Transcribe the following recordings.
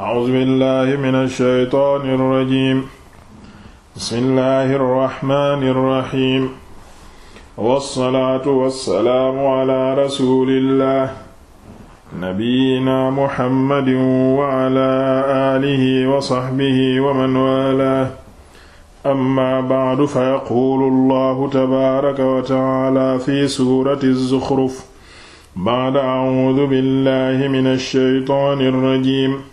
أعوذ بالله من الشيطان الرجيم بسم الله الرحمن الرحيم والصلاة والسلام على رسول الله نبينا محمد وعلى آله وصحبه ومن والاه أما بعد فيقول الله تبارك وتعالى في سورة الزخرف بعد أعوذ بالله من الشيطان الرجيم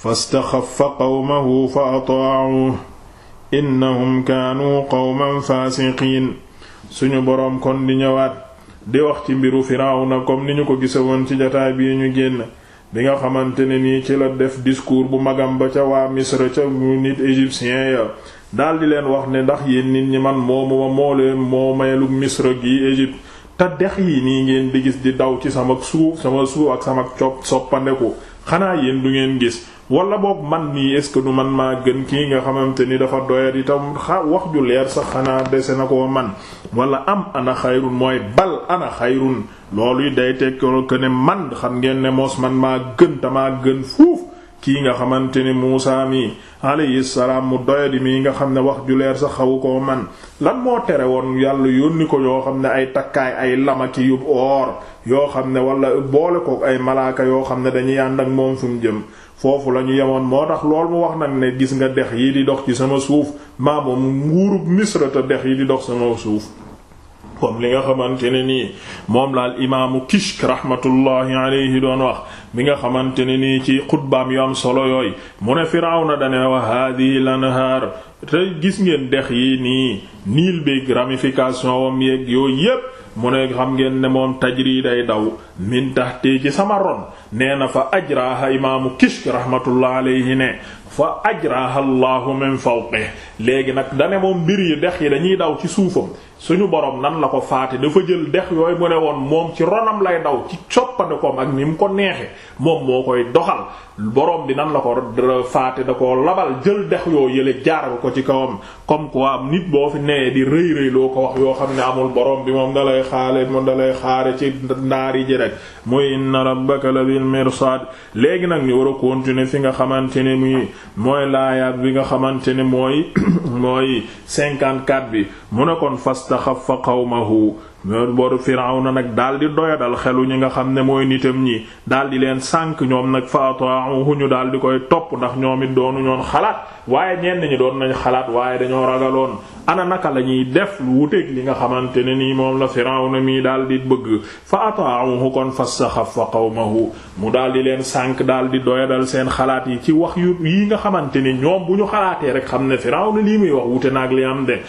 fastaxaffa qawmahu fa ataa'uhu innahum kaanuu qawman faasiqiin suñu boroom kon di ñëwaat di wax ci mbiru firaw na comme ni ñu ko woon ci jataay bii ñu génn bi nga xamante ne nii ci la def discours bu magam ba ca waa Misra ca nit égyptien ya daldi leen wax ne ndax yéen nit ñi man moomuma moo leen moo mayelu Misra gi Égypte te dex yi nii ngeen di gis di daw ci sama suuf sama suuf ak sama cop soppandeku xanaa yéen du ngeen gis wala boobu man nii est-ce man maa gën kii nga xamante ni dafa doyat itam xa wax ju leer sax xanaa dese na koo man wala am ana xayrun mooy bal ana xayrun loolu day tekkool que ne man xam ngeen ne moos man maa gën te gën fuuf kii nga xamante ni Muusaa mi alayhi salaam mu doyadi mii nga xam ne wax ju leer sa xawu koo man lan moo tere woon yàlla yónni ko yoo xam ne ay takkaay ay lamaki yu oor yoo xam ne wala boole ko ay malaaka yoo xam ne dañuy yànd ak moom fu mu jëm foofu la ñu yemoon moo tax lool mu wax nag ne gis nga dex yi di dox ci sama suuf maa mu nguurub Misra dex yi di dox sama suuf comme li nga xamante ne nii moom laal imaamu Kishk rahmatullahi alayhi doon wax bi nga xamante ne nii ci xutbaam yu am solo yooyu mu ne Firawna dane wa haadihi lanhaar te gis ngeen dex yi nii niil bi ramification wam yeeg yooyu yépp mu ne xam ngeen ne moom tajri day daw min tahti ci sama ron nee na fa ajraha imaamu kishk rahmatullah alayhi ne fa ajraha allahu min fawqi léegi nag dane moom mbir yi dex yi dañuy daw ci suufam suñu borom nan la ko faate dafa jël dex yooyu mu ne woon moom ci ronam lay daw ci coppandikoom ak ni mu ko neexe moom moo koy doxal borom bi nan la ko faate da ko labal jël dex yoo yële jaaral ko ci kawam comme quoi nit boo fi newee di rëy rëy loo ko wax xaale mu dalay xaare ci ndaari ji rek muy inna rabbaka labil mirsad léegi nag ñu war a continuer fi nga xamante ne muy mooy laayaat bi nga xamante ne mooy mooy 54 bi mu ne kon fastaxaffa qawmahu ñoom booru Firawna nag daal di doyadal xelu ñi nga xam ne mooy nitam ñi daal di leen sànk ñoom nag faataahu ñu daal di koy topp ndax ñoom it doonu ñoon xalaat waaye ñenn ñi doon nañ xalaat waaye dañoo ragaloon ana naka la ñuy def lu wuteeg li nga xamante ne nii moom la Firawna mii daal di bëgg faataahu kon fastaxaffa qawmahu mu daal di leen sànk daal di doyadal seen xalaat yi ci wax yu yi nga xamante ni ñoom bu ñu xalaatee rek xam ne Firawna lii muy wax wute naag li am de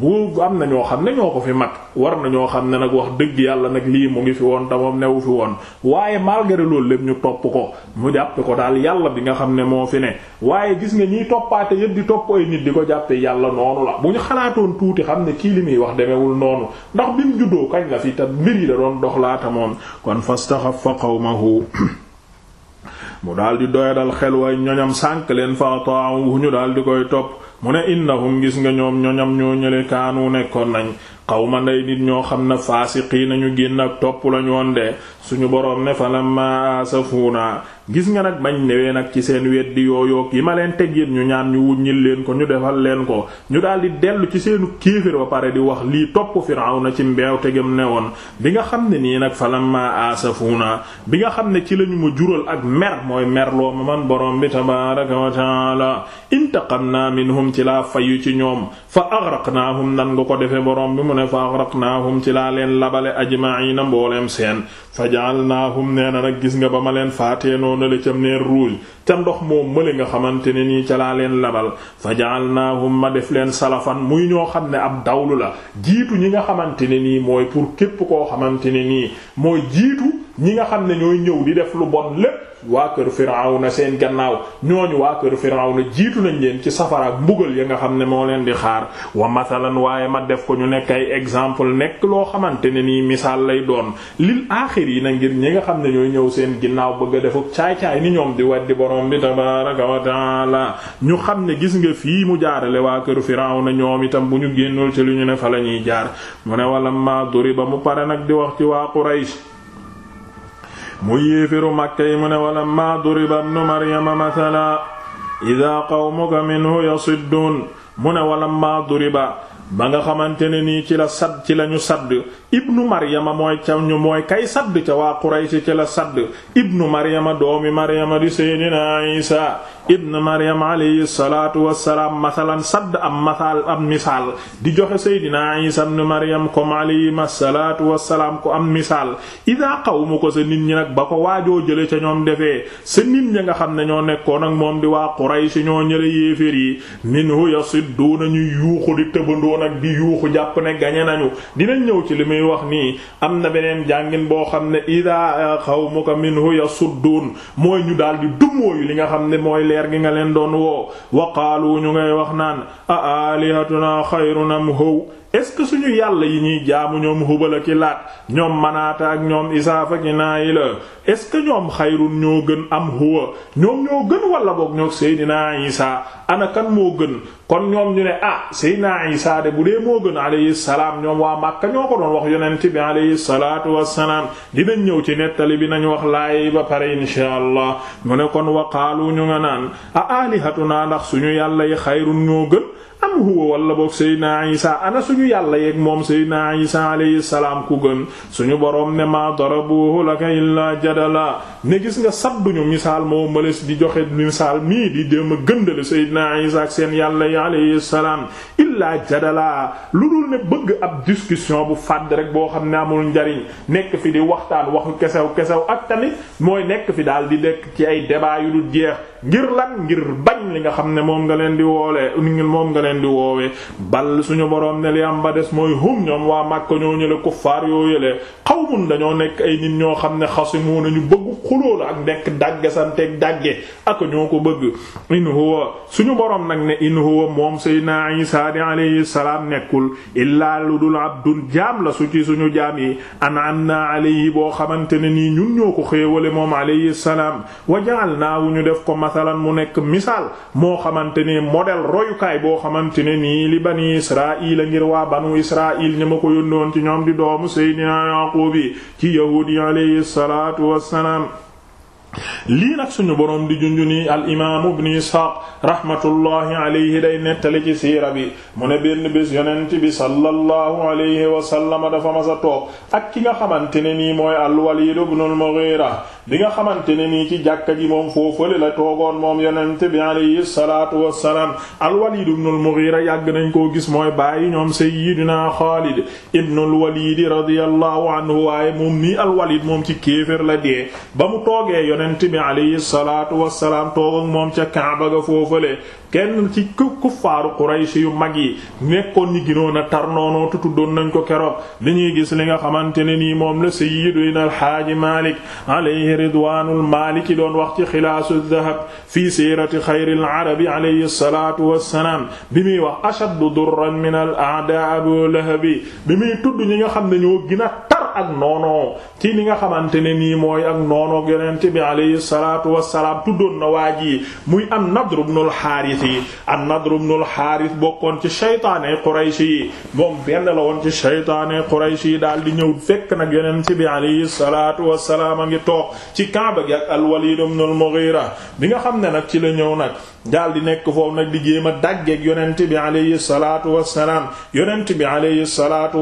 bu am na ñoo xam ne ñoo ko fi mag war na ñoo xam ne nag wax dëgg yàlla nag lii mu ngi fi woon tamoom newu fi woon waaye malgré loolu lépp ñu topp ko mu jàppe ko daal yàlla bi nga xam ne moo fi ne waaye gis nga ñiy toppaate yëpp di topp ay nit di ko jàppe yàlla noonu la bu ñu xalaatoon tuuti xam ne kii li muy wax demewul noonu ndax bi mu juddoo kañ la fi te mbir yi da doon dox laata moom kon fastaxaffa qawmahu mu dal di doyadal xel way ñoñam sànk leen fa ata'uhu ñu daal di koy topp mu ne innahum gis nga ñoom ñoo ñam ñoo ñële kaanu nekkoon nañ xawma nday nit ñoo xam na faasiqii nañu génn ak topp lañu woon de suñu boroom ne falamma asafuuna gis nga nag bañ newee nag ci seen weddi yooyo yi ma leen teg yéen ñu ñaan ñu wuññil leen ko ñu defal leen ko ñu daal di dellu ci seenu kéefér ba pare di wax lii topp Firawna ci mbeew tegam ne woon bi nga xam ne nii nag falamma asafuuna bi nga xam ne ci lañu ma jural ak mer mooy mer loo ma man boroom bi tabaaraka wa taala intaqamna minhum ci laa fayu ci ñoom fa aghraqnaahum nan ne fa aghraqnaahum ci laa leen labale ajma'iina mbooleem seen fa ja'alnaahum nee na nag gis nga ba ma leen faatee noonu la ca neer rouge ca ndox moom mëli nga xamante ne nii ca laa leen labal fa ja'alnaahum ma def leen salafan muy ñoo xam ne ab dawlu la jiitu ñi nga xamante ne nii mooy pour képp koo xamante nii mooy jiitu ñi nga xam ne ñooy ñëw di def lu bon lépp waa kër na seen gannaaw ñooñu waa kër na jiitu nañ leen ci safaraak mbugal ya nga xam ne moo leen di xaar wa masalan waaye ma def ko ñu nekk ay exemple nekk loo xamante ne nii misaal lay doon lil aaxir yi na ngir ñi nga xam ne ñooy ñëw seen ginnaaw bëgg a defuk caay-caay ni ñoom di weddi borom bi tabaraka wa taala ñu xam ne gis nga fii mu jaarale waa kër na ñoom itam bu ñu génnul ci lu ñu ne fa la ñuy jaar mu ne wala ma duri ba mu pare nag di wax ci waa Quraysh mu yéefiru màkke yi mu ne wala maa duriba ibnu maryama mathala idaa qawmuka minhu yasidduun mu ne wala maa duriba ba nga xamante ne nii ci la sadd ci lañu sadd ibnu maryama mooy ca ñu mooy kay sadd ca waa quraysi ci la sadd ibnu maryama doomi maryama di seydina isa ibnu maryama alayhi salaatu wassalaam masalan sadd am masal am misaal di joxe seydina isa ibnu maryam comme alayhi salaatu wassalaam ko am misaal ida ko sa nit ñi nag ba ko waajoo jële ca ñoom defee sa nit ñi nga xam ne ñoo nekkoon ak moom di waa quraysi ñoo ñële yéeféer yi minhu yasidduuna ñuy yuuxu di tëbandoo ñëw nag di yuuxu jàpp ne gañe nañu dinañ ñëw ci li muy wax nii am na beneen jàngin boo xam ne ida qawmuka minhu yasuddun mooy ñu daal di dummóoyu li nga xam ne mooy leer gi nga leen doon woo wa qaalu ñu ngay wax naan a alihatuna xayrun am how est-ce que suñu yàlla yi ñuy jaamu ñoom Hubal ki Laat ñoom Manaata ak ñoom Isaafa ki Naayila est-ce que ñoom xayrun ñoo gën am huwa ñoom ñoo gën wala boog ñoo Seydina Isa ana kan moo gën kon ñoom ñu ne ah Seydina Isa de bu dee moo gën alayhi salaam ñoom waa Makka ñoo ko doon wax yonent bi alayhi salaatu dinañ ñëw ci nettali bi nañ wax laay ba pare inshaa Allah mu ne kon waqaalu ñu nga naan a aalihatunaa ndax suñu yàlla yi xayrun ñoo gën am huwa wala boog Seydina Isa yu yàlla yeeg moom seydina isa alayhi salaam ku gën suñu boroom ne maa darabuhu laka illaa jadala ne gis nga sadduñu misaal moo mëles di joxe misaal mii di dem a gëndale seydina ak seen yàlla yi alayhi salaam illaa jadala lu dul ne bëgg ab discussion bu fàdd rek boo xam ne amul njariñ nekk fi di waxtaan waxu kesew kesew ak tamit mooy nekk fi daal di dekk ci ay débat yu dul jeex ngir lan ngir bañ li nga xam ne moom nga leen di woolee ngir moom nga leen di woowee bal suñu boroom ne li am ba des mooy hum ñoom waa Makka ñoo ñële kuffaar yoo yëlee xawmun dañoo nekk ay nit ñoo xam ne xasimu nañu bëgg xuloo la ak nekk dagge santeeg dàgge ak ñoo ko bëgg in huwa suñu boroom nag ne in huwa moom Seydina Isa di alayhi salaam nekkul illaa lu dul abdun jaam la su ci suñu jaam yi an'amna alayhi boo xamante ne nii ñun ñoo ko xéewale moom alayhi salaam wa ja'alnaahu ñu def ko masalan mu nekk misaal moo xamante ni modèle royukaay boo xamante ne nii li bani israil a ngir waa banu israil ñi ma ko yónnoon ci ñoom di doomu seydina yaqubi ci yahudi alayhi salaatu wassalaam lii nag suñu boroom di junju nii al imaamu ibnu isxaaq rahmatullahi alayhi day nettali ci siira bi mu ne benn bés yonent bi sallallahu alayhi wasallama dafa mas a toog ak ki nga xamante ne nii mooy al walid ibnu al mughira bi nga xamante ne nii ci jàkka ji moom foofale la toogoon moom yonent bi alayhi salaatu wassalaam al walid ibnu al mughira yàgg nañ koo gis mooy bàyyi ñoom sayyidina xaalid ibnu al walid radiyallahu anhu waaye moom nii al walid moom ci kéefër ba mu toogee yonent bi alayhi salaatu toog moom ca Kaaba ga foofale kenn ci kuffaaru Quraysh yu mag yi nekkoon ñi ginoon a tar noonoo tuddoon nañ ko keroog dañuy gis li nga xamante ne nii moom al sayyidina alxaaji Maalik alayhi ridwaanul Maaliki doon wax ci xilaasu dahab fii siirati xayril arabi alayhi salaatu wassalaam bi muy wax ashaddu durran min al a'daa Abu Lahabi bi muy tudd ñi nga xam ne ñoo gën a ak noonoo ci li nga xamante ne nii mooy ak noonoog yonent bi alayhi salaatu wassalaam tuddoon na waaj yi muy am Nadr ibn al-Harith yi am Nadr ibn al bokkoon ci shaytaane Quraysh yi moom benn la woon ci shaytaane Quraysh yi daal di ñëw fekk nag yonent bi alayhi salaatu wassalaam a ngi toog ci Kaaba gi ak al-Walid ibn al-Mughira bi nga xam ne nag ci la ñëw nag daal di nekk foofu nag di jéem a daggeeg yonent bi alayhi salaatu wassalaam yonent bi alayhi salaatu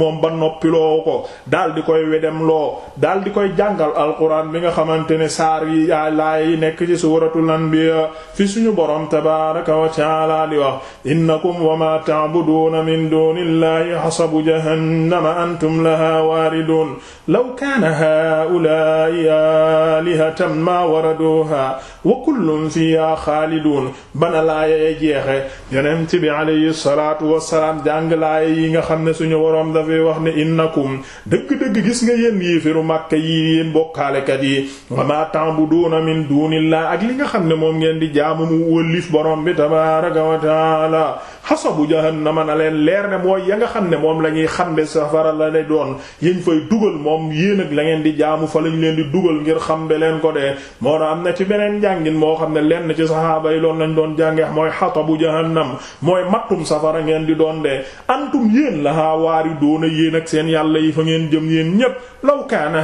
moom ba noppiloo ko daal di koy wedem loo daal di koy jàngal alquran bi nga xamante ne saar yi laay yi nekk ci suuratul anbiya fi suñu borom tabaaraka wa ta'aala di wax innakum wa ma ta'buduuna min duunillahi hasabu jahannama antum laha waaridun law kaana haa'ulaa'i aalihatan ma waraduha wa kullun fiha xaaliduun bana laaya e jeexe yonent bi alayhi salaatu wassalaam jàng laaya yi nga xam ne suñu woroom dafay wax ne innakum dëgg-dëgg gis nga yéen yéefiru màkka yi yéen bokkaalekat yi wa maa ta'buduuna min duunillah ak li nga xam ne moom ngeen di jaamu mu wëllif borom bi tabaaraka wa taala xasabu jahannama na leen leer ne mooy ya nga xam ne moom la ñuy xam ne safara la ne doon yéen fay dugal moom yéen ak la ngeen di jaamu fa lañu leen di dugal ngir xam be leen ko de moo na am na ci beneen jàngin moo xam ne lenn ci saxaaba yi loon lañ doon jàngeex mooy xatabu jahannam mooy mattum safara ngeen di doon dee antum yéen la haa waari doona yéen ak seen yàlla yi fa ngeen jëm yéen ñépp law kaana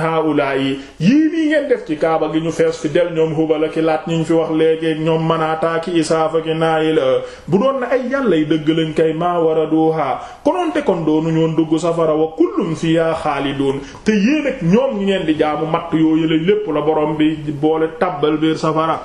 yi yii nii ngeen def ci kaaba gi ñu fees fi del ñoom hubala ki laat ñi ñu wax léegi ñoom manaataaki isaafa ki naayi la bu doon na ay dëgg lañ kay maa waraduha konoonte kon doonu ñoon dugg safara wa kullum fiha xaalidun te yéen ak ñoom ñi ngeen di jaamu matt yoo yële lépp la borom bi boole tabbal biir safara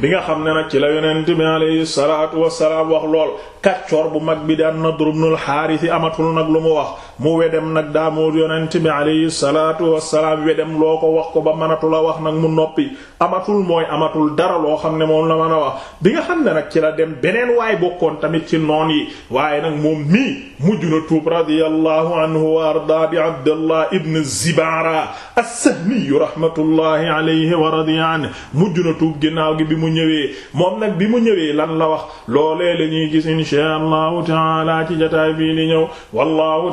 bi nga xam ne nag ci la yonent bi alayhi salaatu wassalaam wax lool kàccoor bu mag bi di na Nadr ibn al Haaris amatul nag lu mu wax mu wedem nag daa moo yonent bi alayhi salaatu wassalaam wedem loo ko wax ko ba mënatu la wax nag mu noppi amatul mooy amatul dara loo xam ne moom la mën a wax bi nga xam ne nag ci la dem beneen waay bokkoon tamit ci noon yi waaye nag moom mii mujj na tuub radiyallahu anhu wa arda bi ibn zibara as-sahmi rahmatullahi alayhi wa radiya anhu mujj tuub ginnaaw gi bi mu ñëwee moom nag bi mu ñëwee lan la wax loolee la ñuy gis insha allahu taala ci jotaay ñëw wallahu